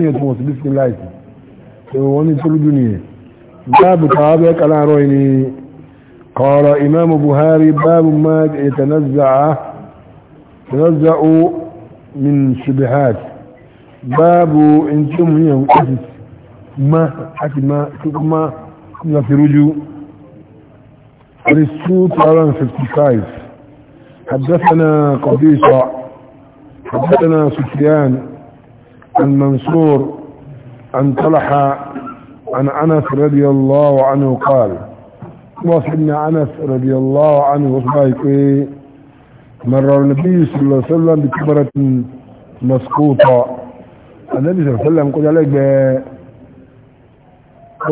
tí yẹn tó wọ́n ti bí skin light tó wọ́n ní tólúdú nìyẹn báàbù tàwọn bẹ́ẹ̀ kan láàárọ̀ ni kọ̀ọ̀rọ̀ imam buhari báàbù ma ìtànáza min shubihat báàbù in tí mú yẹn kọ́sì ma àti ma tó kuma kúmọ̀ حدثنا قبيصة حدثنا سفيان عن منصور عن طلحة عن أنس رضي الله عنه قال وصلنا أنس رضي الله عنه وصبايك مر النبي صلى الله عليه وسلم بكبرة مسقوطة النبي صلى الله عليه وسلم قال لك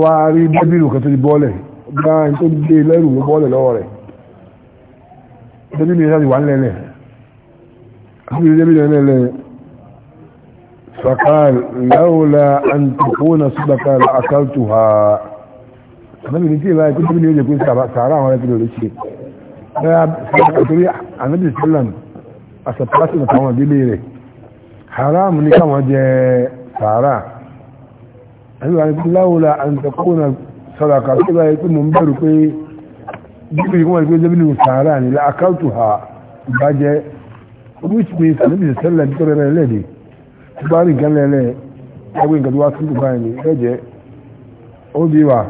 wárí bẹ́bìrù kan tó di bọ́ọ̀lẹ̀ gbáyìn tó gbé lẹ́rù ló bọ́ọ̀lẹ̀ lọ́wọ́ rẹ̀ bẹ́bìrù yẹn sáà ti فقال لولا أن تكون صدقة لأكلتها النبي نتيجة لا كنت من يوجد يكون سارا ولا كده ولا شيء فأتري النبي صلى الله عليه ما أسبقت أن تعمل دي ليه حرام أن يكون وجه سعرها النبي قال لولا أن تكون صدقة كده يكون منبر في جيبي يكون يكون زبني سعرها لأكلتها بجي which means النبي صلى الله عليه وسلم tó bá rí nǹkan lẹ́lẹ́ ẹgbẹ́ nǹkan tó wá sí ìgbà ẹni ẹ̀jẹ̀ ó di wà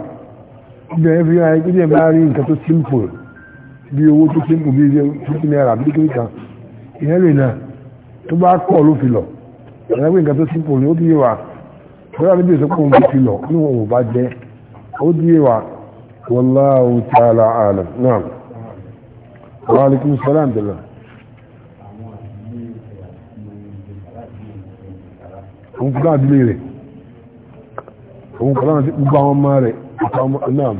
ibẹ̀ ẹ̀ fi hàn ẹ́ kíndìn bá rí nǹkan tó simple bí owó tó simple bí fifty naira bí kékeré kan ìyẹn lè nà tó bá kọ̀ ló fi lọ ẹgbẹ́ nǹkan tó simple ni ó di wà bóyá níbi ìsopọ̀ òun fi lọ ní wọn ò bá jẹ́ ó di wà wallahu ta'ala alam naam wa alaikum salaam dala. òun kúrò àdúlé rẹ̀ òun kúrò àdúlé gbogbo àwọn ọmọ rẹ̀ náà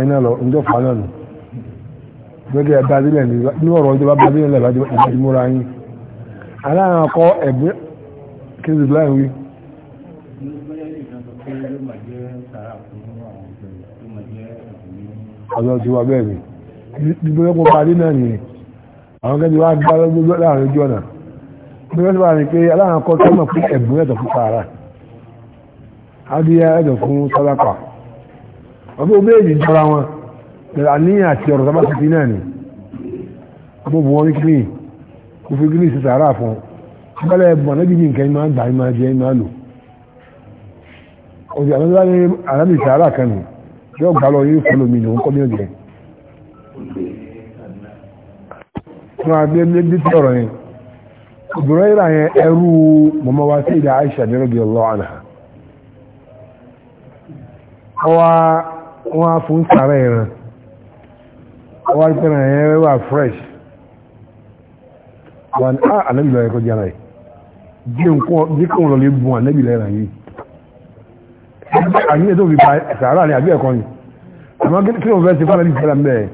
ọ̀rọ̀ iná lọ ǹjọ́ fà náà nù gbẹ́gẹ́ ẹ̀ brazilian ní ọ̀rọ̀ ìjọba brazilian lẹ́bàá ìbájú múra yín aláàrán akọ ẹ̀bùn kéde láì wí. ọ̀dọ̀ ti wá bẹ́ẹ̀ ni gbígbé lọ́pọ̀ parí náà nìyẹn àwọn kẹ́ni wá gbá lọ́gbọ́gbọ́ láàrin ojú ọ̀nà gbígbé lọ́pọ̀ parí pé aláàrán akọ tó mọ̀ fún ẹ̀bùn ẹ̀tọ̀ fún sàárà adìyẹ ẹ̀tọ̀ fún ọmọ ọmọ èyí jọra wọn pẹ̀lú àníyàn àti ọ̀rọ̀ sábà tuntun náà ni ọmọ bù wọn ní kílíìn kò fi kílíìn sí sàárà fún bẹ́lẹ̀ bọ̀ náà jíjìn nǹkan máa gbà máa jẹ máa lò òsì àwọn ọmọdé ní àlámì sàárà kan yóò gbà lọ yóò fọlọ mi ní òun kọ́ ní ọ̀jẹ̀ wọn á gbé ní títí ọ̀rọ̀ yẹn obìnrin yìí rà yẹn ẹrú mọ́mọ́ wa sí ìdá Aisha radiyallahu anha wọ́n á fún sàárà ẹran wọ́n á pẹ́ràn ẹ̀yẹn wà fresh wọ́n á ah, ànábì lọ́yẹ̀ kọjá rẹ̀ díkùn lọ lè bùn ànábì lẹ́ra yìí àyíyẹ tó fi pa sàárà ní àbí ẹ̀kọ́ ni àmọ́ kí ló fẹ́ ṣe fún ànábì sẹ́lẹ̀ mẹ́ẹ̀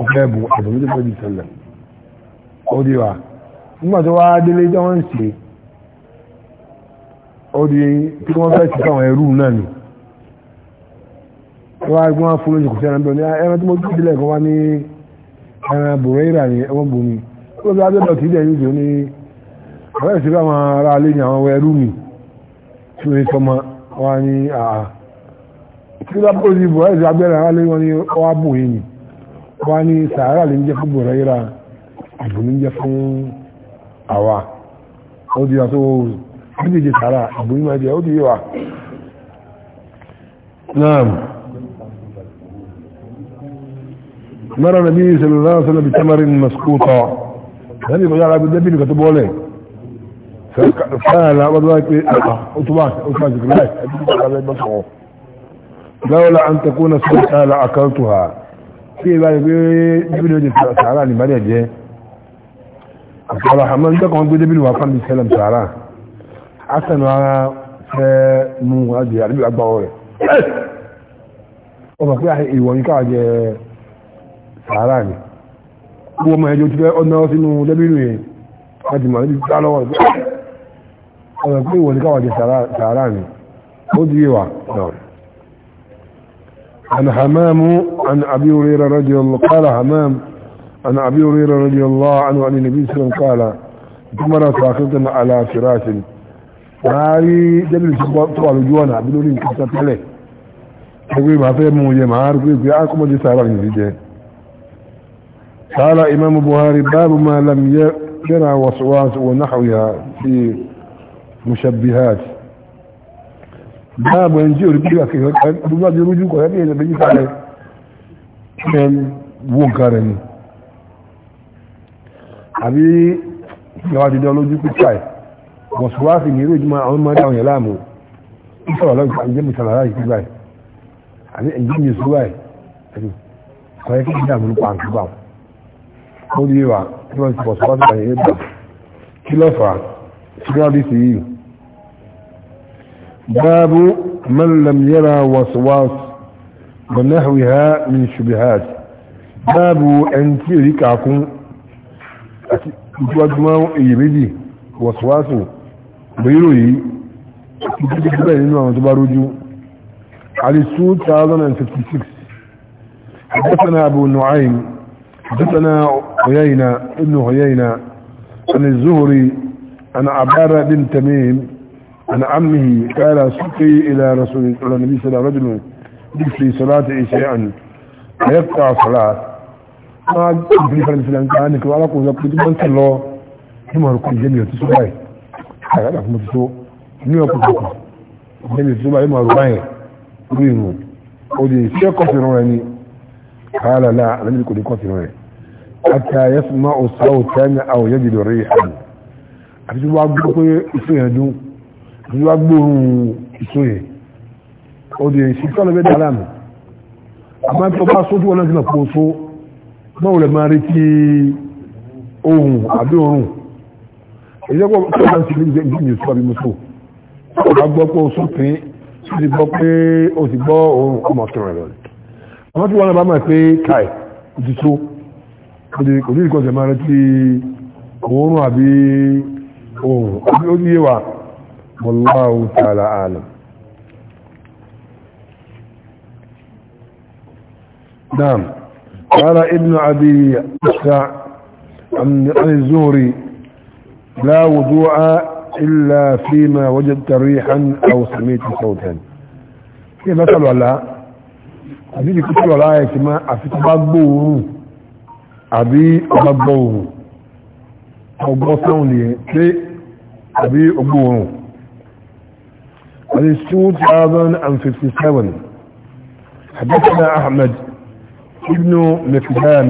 ọ̀fẹ́ bù àbòmí tó fẹ́ bí sẹ́lẹ̀ ó di wa nígbà tó wá délé tí wọ́n ń ṣe ó di kí wọ́n fẹ́ ṣe fún àwọn ẹrú náà nìí wọ́n á gbọ́n fún lójú kò sí ẹran bẹ́ẹ̀ ní ẹran tí mo gbé ìdílé kan wá ní ẹran bòrẹ́rà ní ẹwọ́n bò ní ó lọ abẹ́dọ̀ tí ìdẹ̀ yóò ní ọ̀rẹ́ ìṣẹ́ bá wọn ara alé ní àwọn ẹrú mi tí ó sọmọ wá ní àà tí ó lápò sí bòrẹ́ ìṣẹ́ abẹ́rẹ́ ara lé wọn ní ọwá bò yìí ni wá ní sàárà lè ń jẹ́ fún bòrẹ́rà ìbò ní jẹ́ fún àwa ó di àtó ó di yíwa مر النبي صلى الله عليه وسلم بتمر مسقوطة هل يبقى يلعب الدبيل كتبوله فقال وضعك أطبعك أطبعك لولا أن تكون سبحة لأكلتها في بالك دبيل وجه سعراني مريا جيه أصلا حمال دقهم بدبيل وقام بسلام سعران حسن وعلى فنو هذه يعني بالأكبر أوه وفقاحي إيواني كاعد sàárà ni gbogbo ọmọ ẹjọ́ ti fẹ́ ọ̀nà sínú lẹ́bínú yẹn láti mọ̀ níbi tá lọ́wọ́ ọ̀rọ̀ pé ìwọ̀n ní káwọn sàárà ni ó di wà náà عن حمام عن قال إمام البخاري باب ما لم يرى وسواس ونحوها في مشبهات باب ينجي ربيع كيف باب يرجوك هذه اللي بيجيك عليه كان وكرني àbí ìwà dídán lójú pípàì wọ̀sùwáfì ní ìròyìn máa àwọn mọ́rí àwọn ìyàlámù ìṣọ̀rọ̀ lọ́gbà ìjẹ́ mùsàlárà ìpípàì àbí ó di wà tí wọ́n ti pọ̀ sọ́wọ́sì àyè ẹ̀dà kí ló fà síwájú sí yìí báàbù mẹ́lẹ̀m yẹ́ra wọ̀sọ̀wọ́sì bọ̀nẹ́hùn ìhá ní ṣubihàt báàbù ẹni tí èrí kàkún àti ìjọ́júmọ́ èyèméjì wọ̀sọ̀wọ́sì bèèrò yìí títí tí bẹ́ẹ̀ nínú àwọn tó bá rójú علي 2056 حدثنا أبو نعيم حدثنا عيينة ابن عيينة عن الزهري عن عبارة بن تميم عن عمه قال سقي إلى رسول الله النبي صلى الله عليه وسلم في صلاة شيئا فيقطع صلاة ما في فرنسا لأنك عنك وعلق وزبط من صلى الله كما ركن جميع تسوعي حقا لك ما تسوع نيو كتبك جميع تسوعي ما ركن رينو ودي سيقف روني قال لا لم يكن يكثر حتى يسمع صوتا او يجد ريحا àti wá gbọ́ pé ìṣó yẹn dún àti wá gbóòrùn ìṣó yẹn ó di èyí tó lọ́bẹ̀ dára mi àmọ́ tó bá sójú wọn láti lọ pọ̀ só náà ò lè máa rí kí ohun àbí òórùn èyí tó tó bá ń ti níbi ìgbé ìyẹn sọ bí mo gbọ́ pé o sọ pé o ti gbọ́ òórùn ọmọ tó rẹ̀ lọ́lẹ̀ àwọn tí wọ́n bá máa pé káì ti tó kò ní ìkọ̀sẹ̀ máa rẹ rántí òórùn àbí ohun àbí ó ní yíwa wallahu ta'ala dam نعم قال àbí ìṣà أسع zuri الزهري لا وضوء إلا فيما وجدت ريحا أو سميت صوتا كيف أسأل الله àbí ibi kúkúrò láàyè ti máa àfi tó bá gbóòórùn àbí ọba gbóòórùn ọgbọ́ sáwọn nìyẹn pé àbí ọgbóòórùn àti 2057 حدثنا احمد ابن مكدام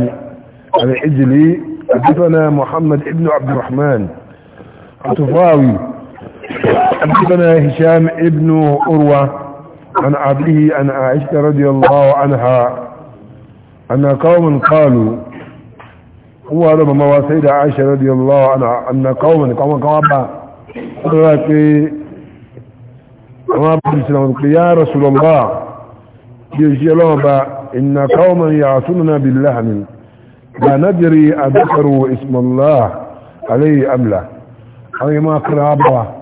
العجلي حدثنا محمد ابن عبد الرحمن الطفاوي حدثنا هشام ابن أروى عن عبده عن عائشة رضي الله عنها أن قوما قالوا هو ربما مواسيد عائشة رضي الله عنها أن قوما قوما قوما قالوا إيه؟ وما بلسنا يا رسول الله يجي با إن قوما يعصوننا باللهم لا ندري أذكروا اسم الله عليه أم لا أي ما قرابة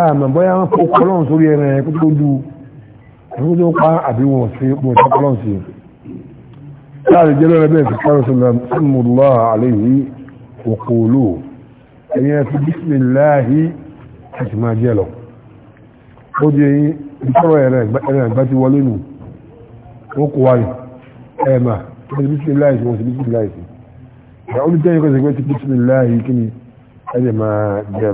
àmà bọ́yá wọn kó kọlọ́n sórí ẹran ẹ̀ kó tó du ẹ̀kú tó pa àbí wọn sí wọn tó kọlọ́n sí láàrin jẹ́ lọ́rẹ́ bẹ́ẹ̀ fi kárọ̀ sọ̀rọ̀ sọ́mùlá àléyìí òkòlò ẹ̀yẹn fi bísíláàhí àti máa jẹ́ lọ ó di ẹyin ìtọ́rọ̀ ẹran ẹ̀gbá ti wọlé nù wọ́n kó wáyé ẹ̀mà wọ́n ti bísíláàhí wọ́n ti ẹ̀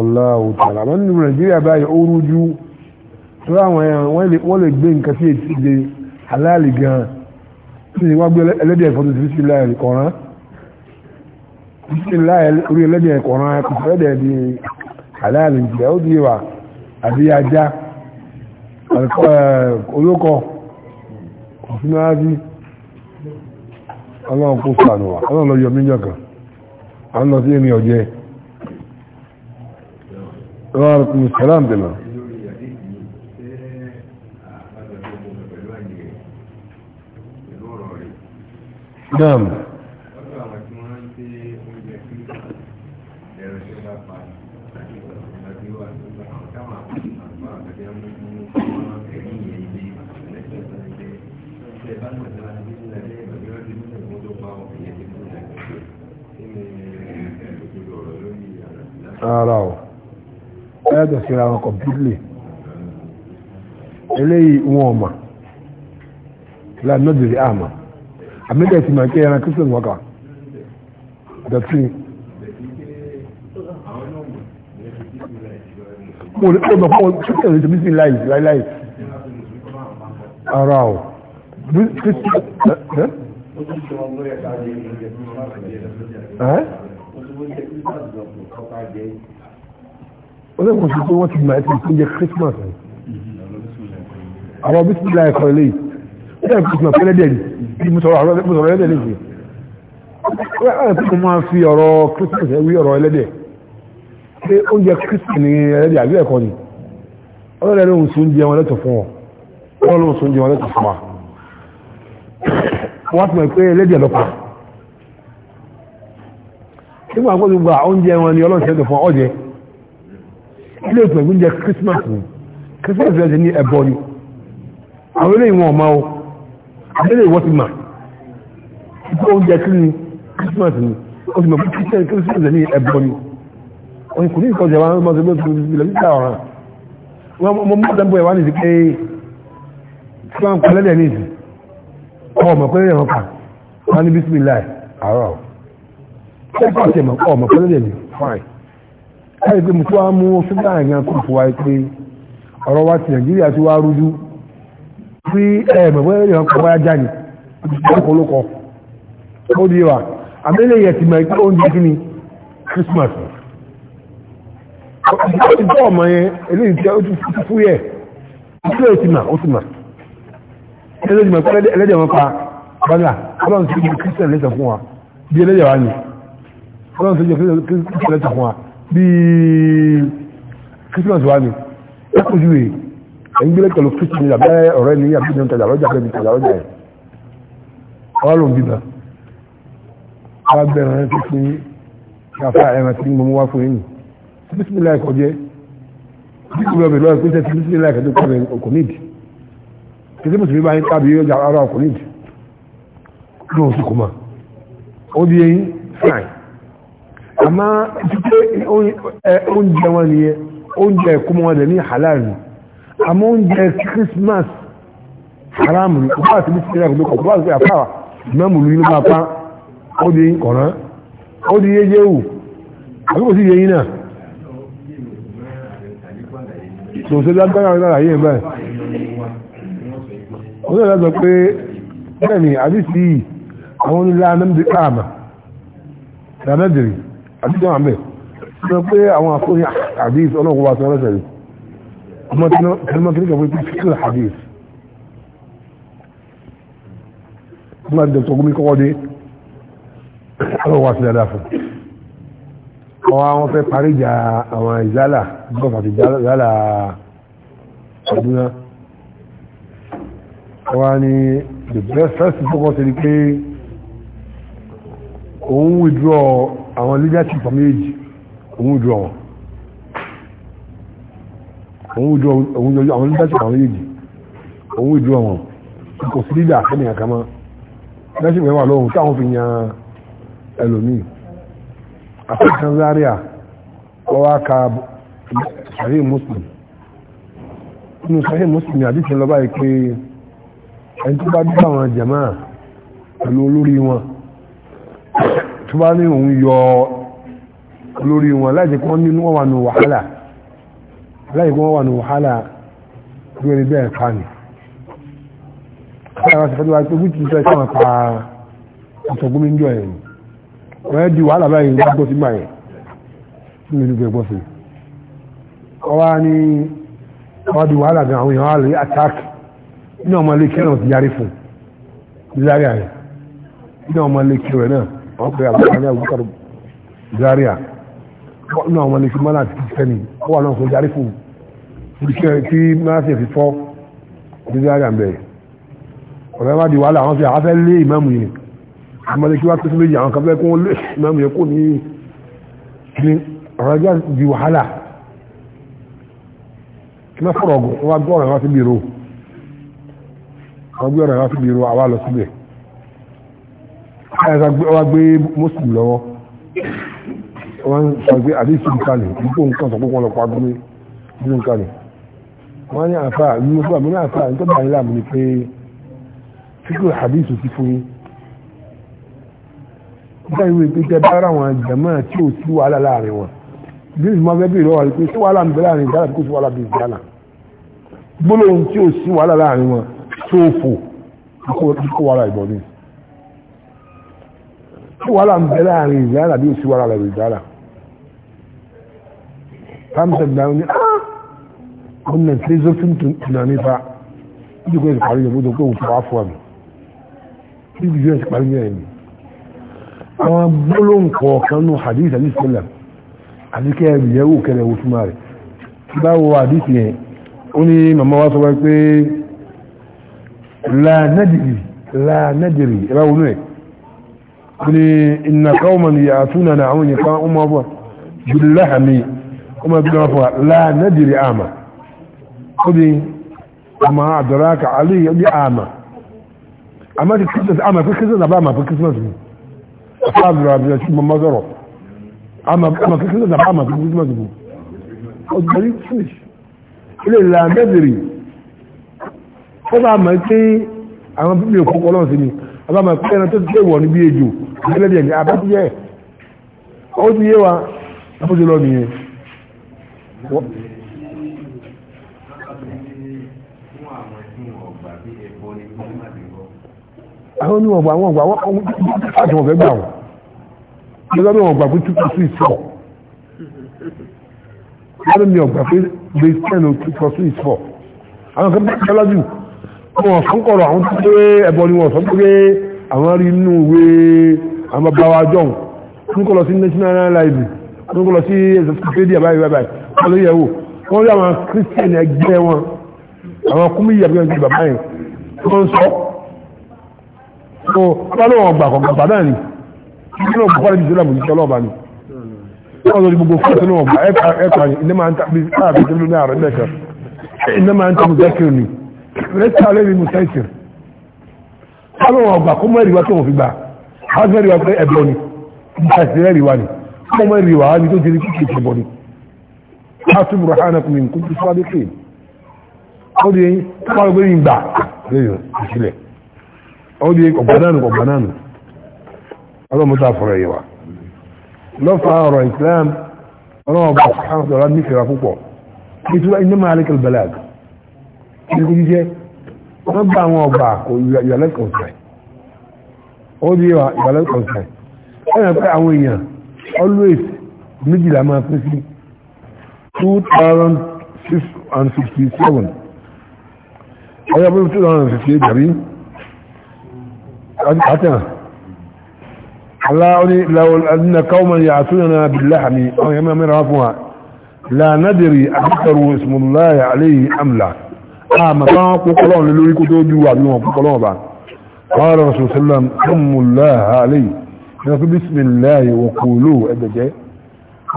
ọláwù tààlà àmọ́ nínú nàìjíríà báyìí ó rújú tó àwọn ẹran wọ́n lè gbé nǹkan sí ètí ìdè aláàlì gan-an tí wọ́n gbé ẹlẹ́dẹ̀ ẹ̀fọ́ tó ti fi láàyè kọ̀ọ̀rán fi láàyè orí ẹlẹ́dẹ̀ kọ̀ọ̀rán kò fẹ́ dẹ̀ di aláàlì jẹ́ ó di wà àbí ajá olókọ̀ òfin ábí ọlọ́run kó sànù wà ọlọ́run lọ yọ mílíọ̀n kan àwọn lọ sí èmi ọ̀jẹ́ وعليكم السلام دلو نعم síra wọn completely eléyìí wọn ọ̀mà lánàdìrí àmà àmìlẹ̀ ti máa ń kẹ́ ẹran kristian wọ́kà dọ̀tí mo ní kí ọmọ fún wọn kí ọmọ ìjọba ìsìn láì láì láì ara o ẹ́ wọ́n lè kò sí pé wọ́n ti gbà ẹ́tì ìpínjẹ Christmas ẹ̀ àwọn bísí ìlà ẹ̀kọ́ ilé yìí ẹ̀ kò sí ọ̀pẹ́ lẹ́dẹ̀ ní mo sọ̀rọ̀ lẹ́dẹ̀ ní ìsìn ẹ̀ kò máa fi ọ̀rọ̀ Christmas ẹ̀ wí ọ̀rọ̀ ẹlẹ́dẹ̀ pé oúnjẹ Christmas ní ẹlẹ́dẹ̀ àbí ẹ̀kọ́ ni ọlọ́dẹ̀ ló ń sún jẹ wọn lẹ́tọ̀ fún ọ ọlọ́dẹ̀ ló ń sún jẹ wọn lẹ́tọ̀ fún wa wọ́n ti mọ̀ pé ẹlẹ́dẹ̀ lọ́pàá nígbà gbọ́dọ̀ gba oúnjẹ ilé ìpẹ̀lú oúnjẹ christmas ni christmas rẹ̀ ní ẹ̀bọ ni àwọn ilé ìwọ̀n ọ̀ma o abẹ́lé ìwọ́ ti mà ìpẹ́ oúnjẹ kí ni christmas ni ó ti mọ̀ pé christian christmas rẹ̀ ní ẹ̀bọ ni wọn kò ní ìkọjá wa ọmọ ọdún tó ti lọ níta ọ̀ràn wọn mọ mọ dábọ̀ ẹ̀ wá nìyí pé tí wọn kọ lẹ́dẹ̀ẹ́ ní ìsìn ọmọ pé lẹ́dẹ̀ẹ́ wọn kà wọn ní bísí mi láì àárọ̀ ọ̀pọ̀ ọ̀sẹ̀ mọ̀ ọmọ pé lẹ́dẹ̀ẹ́ ní fine láì pé mo tún wá mú ṣúgbà àyàn kò fún wa pé ọ̀rọ̀ wa ti nàìjíríà ti wá rújú sí ẹ̀ẹ̀mẹ̀wẹ́ èèyàn kan wáyá jáde lọ́kọ̀ọ́lọ́kọ̀ ó di wa àmẹ́lẹ̀ yẹ ti mọ̀ pé oúnjẹ kí ni Christmas ìjọ ọmọ yẹn eléyìí tí ó ti fú yẹ ìjọ yẹ ti mà ó ti mà ẹlẹ́dẹ̀ mọ̀ pé ẹlẹ́dẹ̀ wọn pa bọ́lá ọlọ́run ti jẹ́ Christian lẹ́sẹ̀ fún wa bí ẹlẹ́dẹ̀ wa ni ọlọ́run ti jẹ́ Christian lẹ́sẹ̀ fún wa bíi Christmas wa ni lápòjú rẹ̀ ẹ̀yìn gbélé pẹ̀lú Christmas ní abẹ́ ọ̀rẹ́ ní àbí ìjọba ìtajà lọ́jà pẹ̀lú ìtajà lọ́jà ẹ̀ ọ̀rọ̀ ló ń bíbá wọ́n bẹ̀rẹ̀ rẹ̀ fún yín káfá ẹ̀rọ tí mo mú wá fún yín Bismillah kọjẹ́ bí kò bẹ̀rẹ̀ lọ́wọ́ pínṣẹ́ ti Bismillah kẹjọ kọ́ bẹ̀rẹ̀ ọkọ̀ nídìí kẹsí mùsùlùmí bá yín tàbí yóò àmá títẹ́ oúnjẹ wọn ni oúnjẹ ẹ̀kúnmọ́ wọn dẹ̀ ní halal ni àmọ́ oúnjẹ Christmas haram ni ọba àti bíi sílẹ̀ ọ̀gbẹ́kọ̀ ọba àti àfáwà mẹ́mù ní ló máa pa ó di kọ̀rán ó di yé yéwù àbíkò sí yẹyìn náà tòṣe lágbára náà yé báyìí ó náà lọ́sọ pé bẹ́ẹ̀ ni àbí sí àwọn onílà anamdi káàmà làmẹ́dìrì àdíjọ́ wà mẹ́ sọ pé àwọn àkóyà hadith ọlọ́run wa sọ́rọ̀ sẹ́rẹ̀ ọmọ tẹnumọ́ kí ní kàwé pé fíkìlì hadith nígbà tí dr gómìnà kọ́kọ́ dé ọlọ́run wa sí dáadáa fún ọwọ́ àwọn fẹ́ parí ìjà àwọn ìzálà gọ́ọ̀fù ni the best first focus ni pé òun withdraw àwọn leadership méjì òun jọ wọn òun jọ àwọn leadership méjì òun jọ wọn kò sí leader kẹ́ni àkà mọ́ leadership wà lọ́wọ́ táwọn fi yan ẹlòmíì àfẹ́kàn zaria ọwá ka sahih muslim inú sahih muslim àdíṣẹ́ lọ́bàá yìí pé ẹni tó bá dúpọ̀ àwọn jàmáà pẹ̀lú olórí wọn tó bá ní òun yọ lórí wọn láti kọ́ nínú wọn wà ní wàhálà láti kọ́ wọn wà ní wàhálà lórí bẹ́ẹ̀ pa ni láti fẹ́ tó wá pé wíkì fẹ́ sọ́wọ́n pa ọ̀tọ̀gbọ́n mi ń jọ ẹ̀yìn wọ́n yẹ́ di wàhálà báyìí wọ́n gbọ́ sí máa yẹn nínú ìlú gbẹ̀gbọ́ sí ọwá ní ọwá di wàhálà gan àwọn èèyàn wà lórí attack nínú ọmọ ilé kẹrìn ti yarí fún lárí àyẹ̀ nínú ọmọ ilé kẹrìn náà wọ́n pè àbúkà ní àbúkà Zaria nínú àwọn ẹni tí mọ́nà àti kìtẹ́nì ó wà náà kó járí fún iṣẹ́ tí mọ́nà sì fi fọ́ ní Zaria ń bẹ̀rẹ̀ ọ̀rẹ́ wá di wàhálà àwọn fi àfẹ́ lé ìmáàmù yìí àmọ́lé kí wá tó méjì àwọn kan fẹ́ kó lé ìmáàmù yẹn kó ní kíní ọ̀rọ̀ ẹgbẹ́ di wàhálà kí wọ́n fọ̀rọ̀ ọ̀gùn wọ́n gbọ́ ọ̀rọ̀ wá síbi ìró àwọn lọ síbẹ̀ wọ́n gbé muslim lọ́wọ́ wọ́n sọ pé àdéhùn nǹkan lè nípò nǹkan sọ pé wọ́n lọ pa gbé nínú nǹkan lè wọ́n ní àfà nínú fún àmì ní àfà nítorí báyìí láàmú ni pé fíkú àdéhùn ti fún yín nígbà yìí wípé tẹ bá ráwọn jẹmọ́ tí ò sí wàhálà láàrin wọn bí ìmọ̀ bẹ́ẹ̀ bí ìrọ̀wà pé sí wàhálà ń bẹ láàrin ìdára kó sí wàhálà bí ìdára gbólóhùn tí ò sí wàhálà láàrin wọn tó fò kó wàhálà ìbọn ní wàhálà ń bẹ láàrin ìzára bí òsì wàhálà rẹ̀ ìzára hamsa gbàrún ní ah wannan sai zurfin tunani fa ibi kawai su faru yabo da kawai wuce wa afuwa mu ibi biyar su faru yanayi ne àwọn gbólóhùn kọ̀ọ̀kan hadith alayhi sallam àti kẹ́ ìyẹ́wò kẹrẹ wò túmọ̀ rẹ̀ tí hadith yẹn ó ní màmá wa sọ la nadiri la nadiri ẹ bá ni inna qauman ya'tuna na àwọn kan umma bo billahami kuma bi na fa la nadri ama kudi amma adraka ali bi ama amma ki kisa ama ki kisa da ba ma fi christmas ni sabra bi shi mamma zaro ama ama ki kisa da ba ma fi christmas ni o dari finish ile la nadri ko ba ma ti àwọn bi ko ko lon si ni àbámọ̀ pé ẹran tó ti wọ̀ níbi ejò ẹlẹ́dẹ̀ ní abájẹ́ ó ti yé wa abójú lọ nìyẹn àwọn onímọ̀ ọgbà àwọn ọgbà àwọn àti wọ̀n fẹ́ gbà wọ́n lọ́gbà mi ọgbà pé two plus three is four lọ́gbà mi ọgbà pé base ten two plus three is four àwọn kan bá kí ọlọ́dún wọn fún kọ̀rọ̀ àwọn tó pé ẹbọ ni wọn sọ pé àwọn rí inú ìwé àwọn bàbá wa jọ̀hún fún kọ̀rọ̀ sí national library fún kọ̀rọ̀ sí encyclopedia báyìí báyìí wọn lè yẹ̀wò wọn rí àwọn christian ẹgbẹ́ wọn àwọn kúmí yẹ̀ bí bàbá yẹn tó ń sọ wọn lọ́wọ́ ọgbà kọ̀ọ̀kan bàbá náà ni kí ló ń bọ́ níbi ìṣẹ́lẹ̀ àmójútó ọlọ́ọ̀bá ni wọn lọ ní gbogbo fún ẹ̀sìn náà ẹ̀ka ẹ̀ka ẹ̀ka ẹ̀ka ẹ̀ka ẹ̀ka ẹ̀ka ẹ̀ka ẹ̀ka ẹ̀ka ẹ̀ka ẹ̀ka ẹ̀ka ẹ̀ka ẹ̀ka ẹ̀ka ẹ̀ka lẹ́sẹ̀ alẹ́ ni musa ìṣẹ̀ káwọn ọgbà kó mọ́ ẹ̀rí wa tó wọ́n fi gbà á fẹ́ rí wa pé ẹ̀bọ ni nígbà tí ẹ̀rí wa ni kó mọ́ ẹ̀rí wa á ní tó ti ní kíkì ìṣẹ̀bọ ni á tún bùrọ̀ hàn kùn mí kó tó sọ́wọ́ dé kéè ó di eyín káwọn ọgbẹ́ yìí gbà lẹ́yìn ìṣílẹ̀ ó di ọgbà náà nù ọgbà náà nù ọlọ́mọ tó àfọ̀rọ̀ yẹ wa lọ́fà ọ̀rọ̀ ìsìlám ọlọ́mọ bá sàn ìlú jẹ́ wọ́n bá àwọn ọba kò ìyàlẹ́kọ̀ọ̀sẹ̀ ó di ìyàlẹ́kọ̀ọ̀sẹ̀ ẹ̀yà pé àwọn èèyàn always méjìlá máa pín sí 2657 ọjọ́ pé 258 dàbí àtẹ̀hàn aláwọ̀ ni lọ́nà káwọn yàtúnà bìláhàmì ọ̀yẹ́mẹ́mẹ́ra fún wa la nadiri akẹ́kọ̀ọ́ ismullahi alayhi amla àmà bá wọn púpọ̀ lọ́wọ́ lórí kó tó ju àbí wọn púpọ̀ bá قال رسول الله أم الله عليه يقول بسم الله وقولوا أدجي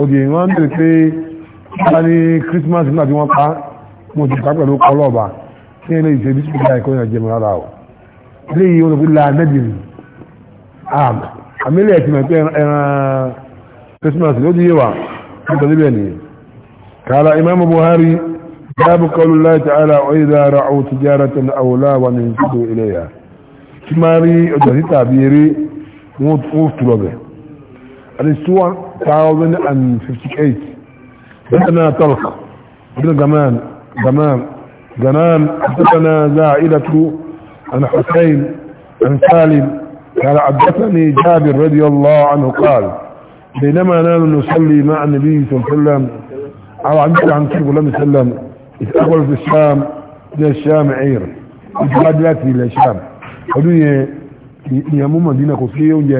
ọdí èyí wọ́n ń bèèrè pé bá ní Christmas nígbà tí wọ́n pa mo ti pa pẹ̀lú kọlọ́ọ̀bà tí ilé ìṣe bí sípò láìkọ́ ìrìn àjẹmọ́ rárá o ilé yìí wọ́n fi àmìlẹ̀ ẹ̀tì mọ̀ ẹran Christmas ló di yé wa nítorí bẹ́ẹ̀ kààlà Imam Buhari باب قول الله تعالى وإذا رعوا تجارة أو لا وننسدوا إليها كماري أدري تعبيري موت قوف طلبه الاسوة 1058 بدنا طلق بن جمان جمان زمان حدثنا زائلة عن حسين عن سالم قال حدثني جابر رضي الله عنه قال بينما نحن نصلي مع النبي صلى الله عليه وسلم او عن عن صلى الله عليه وسلم ìtàkùn fi sham jẹ́ sham air ìjọba láti ilẹ̀ sham ọdún yẹn ìyẹn mú mọ̀dínà kò sí oúnjẹ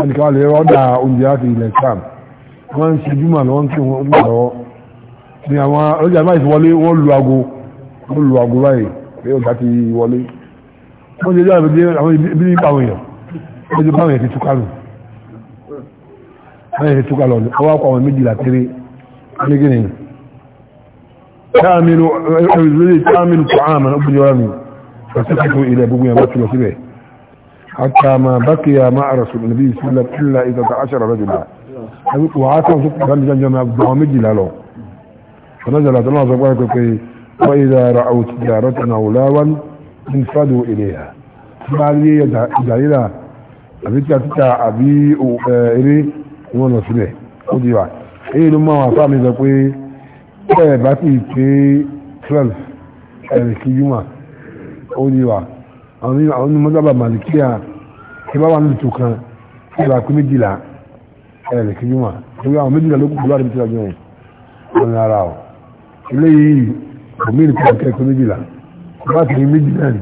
ẹnìkan lè rọ́dà oúnjẹ láti ilẹ̀ sham wọ́n ń ṣe júmọ̀ lọ́wọ́ kí wọ́n gbà lọ́wọ́ ni àwọn ọjà máa ti wọlé wọ́n lu aago wọ́n lu aago báyìí pé ọjà ti wọlé wọ́n jẹ́ jáde àwọn ibi ní báwọn èèyàn wọ́n jẹ́ báwọn èèyàn ti túká lù wọ́n yẹ ti túká lọ ọwọ́ akọ àwọn méjìlá kéré wọ́n ní kí nìyẹn تعمل الذي تعمل طعاما أبن يرامي فسكتوا إلى بقية بطل وسبه حتى ما بقي مع رسول النبي صلى الله عليه وسلم إلا إذا عشر رجلا وعاتوا سكت بلجان جمع الضوامج لالو فنزل الله سبحانه وإذا رأوا تجارة أو لاوا انفدوا إليها فعلي يدعيلا أبيتا تتا أبي إلي ونسله وديوا إيه لما وصامي ذا ẹ̀ bá ti pé 12 ẹ̀rẹ̀kì yúmà ó ní wà àwọn onímọ̀dábà màlìkíà tí bá wà ní ìtò kan tí bá pé méjìlá ẹ̀rẹ̀kì yúmà lórí àwọn méjìlá ló kúkú láti tíra jẹun wọn ni ara ọ eléyìí kò mí ní kọ́ kẹ́kọ̀ọ́ méjìlá bá ti ní méjìlá ni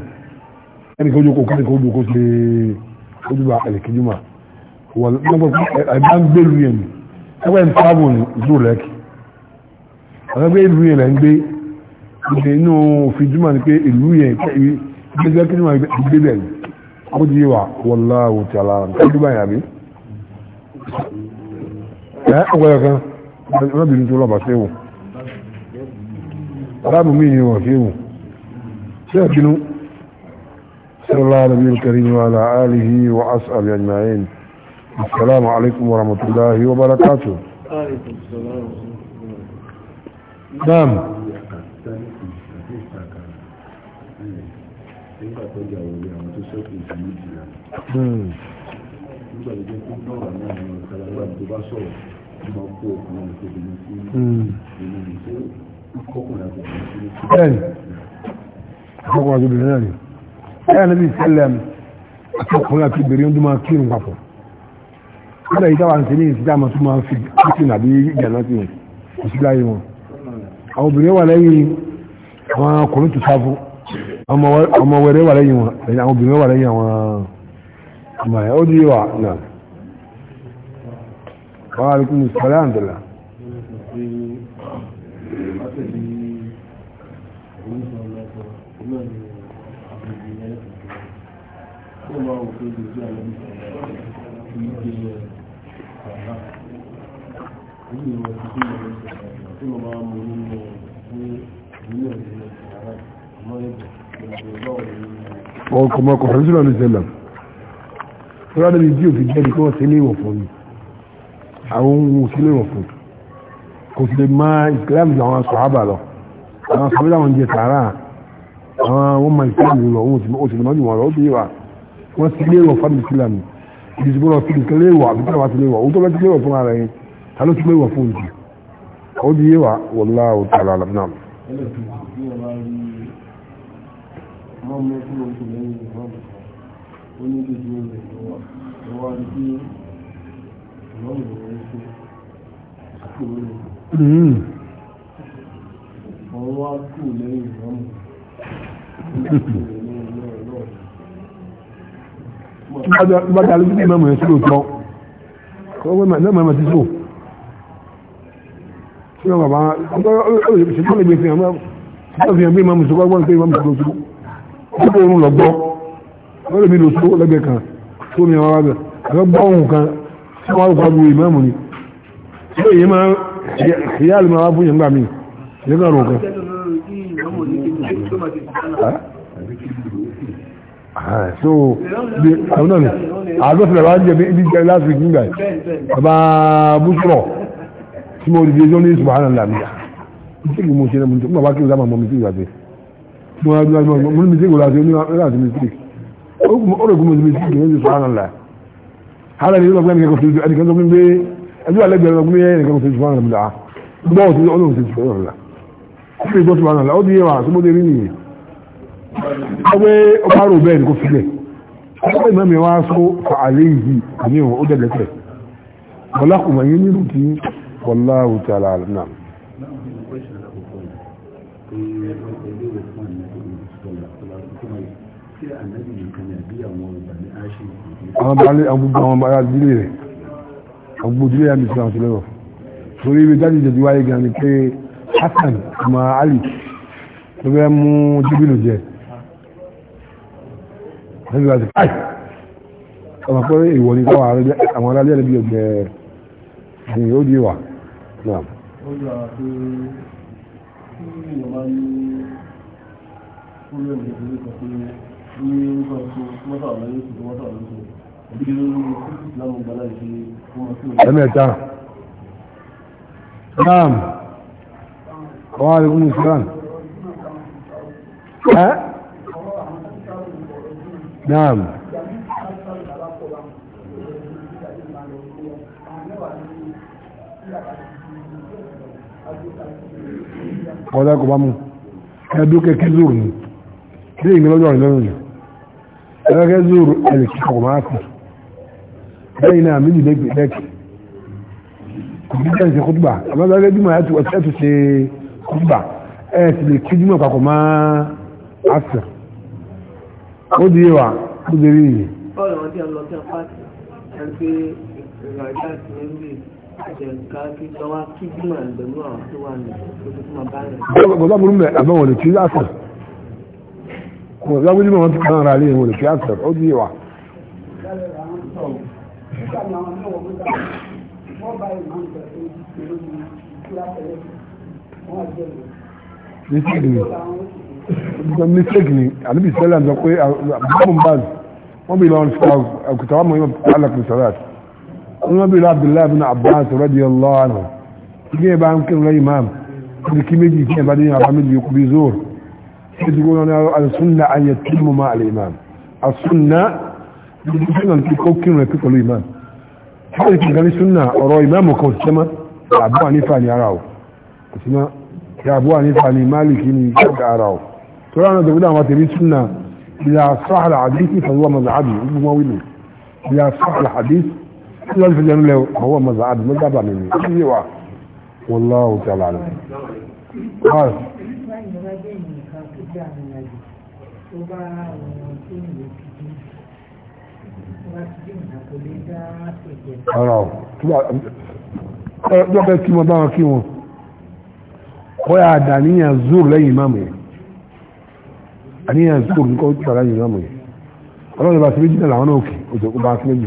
ẹnì kan ojú kò kẹ́kọ̀ọ́ ojú kò ṣe ojú bá ẹ̀rẹ̀kì yúmà wọ́n lọ́gbọ̀n ẹ̀bá ń gbèrú yẹn ni ẹgbẹ́ ń tábù ní àwọn pé ìlú yẹn là ń gbé ìdè inú òfin jùmọ̀ ni pé ìlú yẹn gbẹ́gbẹ́ kí ni wọ́n gbé bẹ̀rẹ̀ ó di wà wọlá òtí ala nǹkan dúbà yà bí. ẹ ọgbẹ́ kan ọlọ́bìnrin tó lọ́ba ṣéwò aláàbò mí ni wọ́n ṣéwò ṣé ẹ̀bínú صلى الله على نبي الكريم وعلى آله وأصحابه أجمعين السلام عليكم ورحمة الله وبركاته Naam. Nígbà hmm. hmm. tó jà wọlé àwọn tó sọ́kù ìdílé ìdílé. Nígbà tó jẹ́ kó dọ̀rọ̀ náà ni ọ̀rọ̀ kálágbá tó bá sọ̀rọ̀ tó máa kó ọkùnrin àti obìnrin sí inú ìṣe kọkùnrin àti obìnrin sí inú ìṣe. Bẹ́ẹ̀ni, àkọ́kọ́ àti obìnrin náà ni. Bẹ́ẹ̀ ni bí ìṣẹ̀lẹ̀ àti ọkùnrin àti obìnrin ń dún máa kírun papọ̀. Kọ́lá yìí táwa ń ṣe ní ìsìtá máa tún àwọn obìnrin wà lẹ́yìn àwọn ọkùnrin tó sáfú ọmọ wẹ̀rẹ̀ wà lẹ́yìn wọn àwọn obìnrin wà lẹ́yìn àwọn ọmọ ẹ̀ ó díwà náà wọ́n alikun sọ́lẹ̀ àǹdìlá Thank you èyí ni wọ́n ti kí mo lọ sí ọ̀rọ̀ tí mo máa mú nínú ní ìlú ìlú ìyàrá àmọ́ ẹ̀bùn ìgbàgbọ́ báwo ni. ọkọ̀ ọkọ̀ ṣẹlẹ̀ ní ṣẹlẹ̀ tó rádé mi bí òfin jẹ́ ìkọ́ sí ilé ìwọ̀fọ̀ ni àwọn ohun sí ilé ìwọ̀fọ̀ kò sì lè máa ìsìlámù ju àwọn sọ̀hábà lọ àwọn sọ̀hábà wọn jẹ sàárà àwọn wọn máa ìsìlámù lọ wọn ò sì lè má jù wọn lọ ó bí wa wọn sì ilé ìwọ̀fọ̀ ní ìsìlámù ìdìbò lọ sí ìkẹlẹ́wọ̀ àbíkẹ́lẹ́wọ̀ àti ilé ìwọ̀ òun tó bá ti ilé ìwọ̀ fún ara yẹn ló tún mẹ́wàá fún jù ó di yíwa wallahu ta'ala alam hmm. náà Àwọn wá kù lẹ́yìn ìrọ̀mù. Bájá lójú ìmọ̀ ẹ̀sùn lóòtọ́. Kọ́wọ́ mẹ́mọ̀ ti sùn tí wọ́n bàbá ṣùgbọ́n lè gbé fi hàn fi hàn bí ìmọ̀ mùsùlùmí gbọ́n pé ìmọ̀ mùsùlùmí tó oorun lọ gbọ́ wọ́n lè mi lò só lẹ́gbẹ̀ẹ́ kan tó mi àwọn abẹ àwọn gbọ́ kan tí wọ́n wá bu ìmọ̀ mùsùlùmí tí èyí máa ìyá àlùmọ̀ wá fún yẹn gbà mí ìyẹn kan kan. so àwọn náà ni àdóṣèlè wa ń bí ibi jẹ láti gbígbà yìí bàbá bùsùlọ̀ tí mo dìde jọ ní subahana lamiya mistake mo ṣe na mo ní bàbá kí n sábà mọ mistake wa ṣe mo ní adúlá mo ní mistake wa ṣe ó ní láti mistake ó rẹ̀ kú mo ṣe mistake ní subahana la hàlẹ́ ní ìlọ́gbọ́n ẹnìkan kò ṣe ẹnìkan tó fi ń gbé ẹjọ́ àlẹ́gbẹ̀ẹ́ ẹnìkan ẹnìkan kò ṣe subahana la gbọ́ ọ̀ṣun ọlọ́run ṣe subahana la ó fi gbọ́ subahana la ó di yẹ wa àti mo dé rí nìyẹn ọgbẹ́ ọba bẹ́ẹ̀ ni kò filẹ̀ ọgbẹ́ ìmọ̀ mi wá sọ àlẹ́ yìí àmì ò dẹ̀ bọ́lá kò yín nínú kìí والله tí a là nà. àwọn balẹ̀ agbègbè àwọn balẹ̀ àdílé rẹ̀ agbègbè òdílé yà ní ìsìlẹ̀ àti lẹ́wọ̀ torí ibi jáde ìjẹ̀dí wáyé gan ni pé Hassan ọmọ Ali ló fẹ́ mú jíbìlù jẹ lẹ́yìn láti káì ọmọ pé ìwọ ni káwọn di wà náà. ó yà á pé tí èèyàn bá ní fúlẹ̀mù ìdílé kan pé ní orúkọ ẹ̀kọ́ mọ́tò àwọn ẹ̀yìn ìṣòro mọ́tò àwọn ẹ̀yìn ìṣòro òbí ló ń kí ìsìlámù gbọ́dọ̀ ṣe fún ọtí òun. ẹ̀mẹ́ta naam wa alaikum salam naam ọ̀dà kò bá mú ẹ̀dúkẹ́ kí zuru ni kí èyí lọ́jọ́ rẹ̀ lọ́rùn jù ẹ̀dúkẹ́ zuru ẹ̀lẹ̀ kí kò máa kù lẹ́yìn náà méjì lẹ́kì lẹ́kì kò bí jẹ́ ìṣe kútùbà àmọ́ ẹ̀dúkẹ́ jùmọ̀ ẹ̀tù ẹ̀tù ṣe kútùbà ẹ̀ sì lè kí jùmọ̀ papọ̀ máa àṣà ó di yé wa ó di rí yìí. bọ́ọ̀lù wọn ti ń Gbọ́dọ̀ burú mẹ́ àmọ́ wọn lè kí lásán. Wọ́n lágbé ní wọn ti kàn ara lé wọn lè kí lásán. Ó di ìwà. Mistake ni. Mistake ni. Àdébí sẹ́lẹ̀ ń sọ pé àwọn bọ́ọ̀mù báàgì wọ́n bí lọ́n sọ àkùtà wọn mọ̀ yín alàkùn sọ̀rọ̀ àti wọ́n bí Abdullahi bin Abbas radiyallahu anhu kí ẹ bá ń kí lọ imam kí kí méjì kí ẹ bá dín àbá méjì kú bí zoro kí ti gbọ́nà ní alsunna an yẹ tí mo máa al'imam alsunna bí i sunna kí kó kí rẹ̀ pípọ̀lú imam kí kí kan ní sunna ọ̀rọ̀ imam kan sí ma Abu Hanifa ni ara o kò sí ma ya Abu Hanifa ni Malik ni kọ́kà ara o tó rán ọdọ̀ gbọ́dọ̀ àwọn sunna ìlà sọ́hàlà àdíkì fàwọn mọ̀lá àbí gbogbo wọn wílò ìlà sọ́hàlà kí wọ́n fi jẹun lẹ́wọ̀ àwọn ọmọ zàádù ló dábàá nínú kí yé wa wallahu ta'ala rẹ̀. ara o ọjọ́ bẹ́ẹ̀ kí wọ́n bá wọn kí wọn ó yà àdàníyàn zúrù lẹ́yìn ìmáàmù yẹn àníyàn zúrù ní kọ́ tààrà yìí ìmáàmù yẹn ọlọ́run bá sí méjì náà òkè òjò bá sí méjì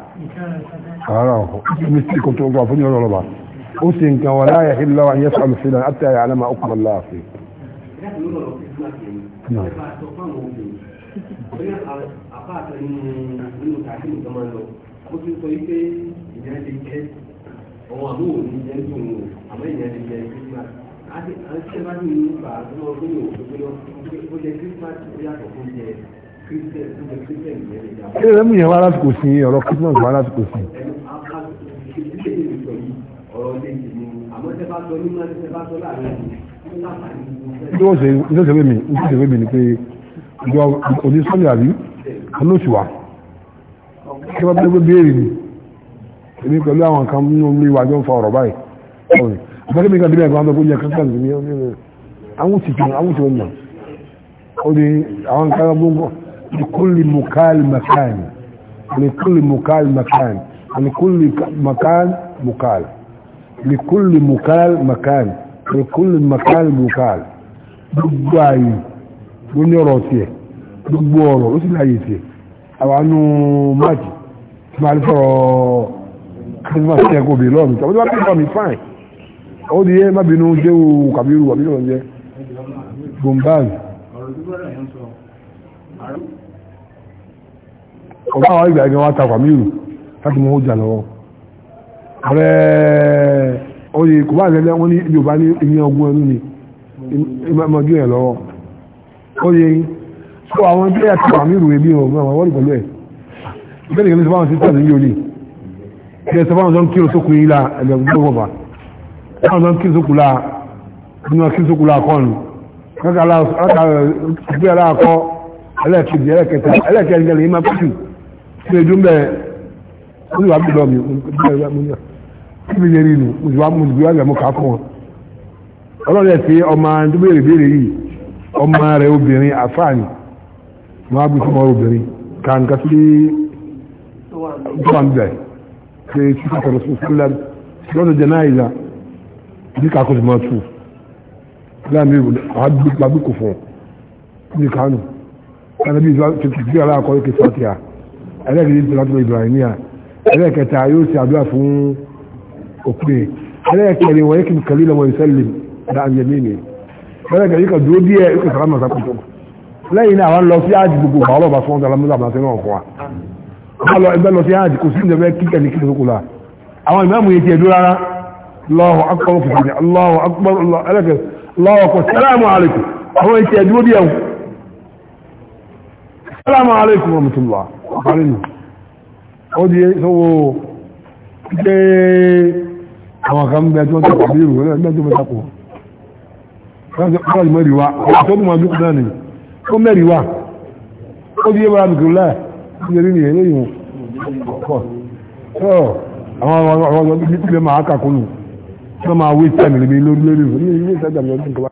ara mistake ko to gba fún yoro ba o si nkan wala ya illa wa yasal fi lan atta ya'lama ukma allah fi na ọmọ àbúrò ní jẹ́ ń dùn ún àmọ́ ìyẹn lè jẹ́ christmas àti àti ṣẹ́fà ní ìlú bàá tó lọ́ọ́ gbé òkú gbé lọ́ọ́ gbé ó jẹ́ christmas ó yàtọ̀ fún jẹ́ kí lè mú yẹn wá lásìkò sí ọ̀rọ̀ christmas wá lásìkò sí. ní wọ́n ṣe ní ṣe wé mi ní ṣe wé mi ni pé ìjọ òní sọ́ọ̀lì àbí olóṣùwà kí wọ́n bẹ́ẹ̀ béèrè ni èmi pẹ̀lú àwọn kan nínú omi wa jọ ń fa ọ̀rọ̀ báyìí ọ̀rẹ́ àbẹ́rẹ́ mi kan débẹ̀ kan lọ́kọ́ yẹ kankan ní ọ̀rẹ́ àwọn òsì kan àwọn òsì wọn ó ní àwọn kan lọ́gbọ́n لكل مكال مكان لكل مكال مكان لكل مكان مكال لكل مكال مكان لكل مكان مكال دبي ونيروتي دبورو اسلايتي او انو ماجي ما الفرو كما تيكو بيلون طب ده بيبقى مي فاين او دي ما بينو جو كبيرو وبينو جه بومبان ọ̀gá àwọn ìgbà ẹgbẹ́ wọn ta láti mú ọjà lọ́wọ́ ọ̀rẹ́ oyè kò bá lẹ́lẹ́ wọ́n ní yorùbá ní ilé ọgbọ́n ẹnu ni ìmọ̀jú ẹ̀ lọ́wọ́ oyè sọ àwọn ẹgbẹ́ àti fàmílù ẹbí ọ̀gbọ́n àwọn wọ́n pẹ̀lú ẹ̀ ẹlẹ́ẹ̀kejì ẹlẹ́ẹ̀kẹta ẹlẹ́ẹ̀kẹrin lè máa pàṣù tí lè dún bẹ́ẹ̀ ó wà bí lọ́mí níbi yẹn rí nu mùsùlùmí mùsùlùmí wà lẹ́mú káfọ́ wọn ọlọ́run ẹ̀ sí ọmọ tó béèrè béèrè yìí ọmọ rẹ̀ obìnrin àfáàní wọn á bí fún ọmọ obìnrin kàǹkà sí gbọ́n bẹ̀ ṣe sísè sọ̀rọ̀ sọ̀rọ̀ lọ́dọ̀ jẹ́ náà ìlà bí kàkó sì máa tù láàmì àgbẹ̀kọ̀ fún un ní kánò anabi tìtìtì aláàkọ́ yóò ké fatiha ẹlẹ́ẹ̀kejì tó láti ibrahimiya ẹlẹ́ẹ̀kẹta yóò ṣe àdúrà fún òkúre ẹlẹ́ẹ̀kẹrin wọ́n yẹ kí kàlí lọ́wọ́ ìsẹ́lẹ̀ dá àmì ẹ̀mí mi ẹlẹ́ẹ̀kẹrin yóò kà dúró díẹ̀ yóò kà sàlámà sàkóso lẹ́yìn náà àwọn lọ sí àjì gbogbo àwọn ọlọ́ba fún ọ̀dà alámúlò àmàṣẹ náà fún wa àwọn ẹgbẹ́ lọ́wọ́ akpọ̀rọ̀ kìkìkì lọ́wọ́ akpọ̀rọ̀ ẹlẹ́kẹ̀ lọ́wọ́ kọ̀ sálámù àwọn yẹn díẹ̀ السلام عليكم ورحمة الله وقالين ودي سووا àwọn kan bẹ tí wọ́n tẹ́ pàdé ìrù rẹ̀ mẹ́jọ mẹ́ta kò rọ́jì mẹ́rìwá ọ̀tọ́dún ma dúkù náà ni ó mẹ́rìwá ó bí ẹbára bìkì láì ní rí ní ẹlẹ́yìn ọ̀pọ̀ àwọn ọmọ ọmọ ọmọ ọmọ ọmọ ọmọ ọmọ ọmọ ọmọ ọmọ ọmọ ọmọ ọmọ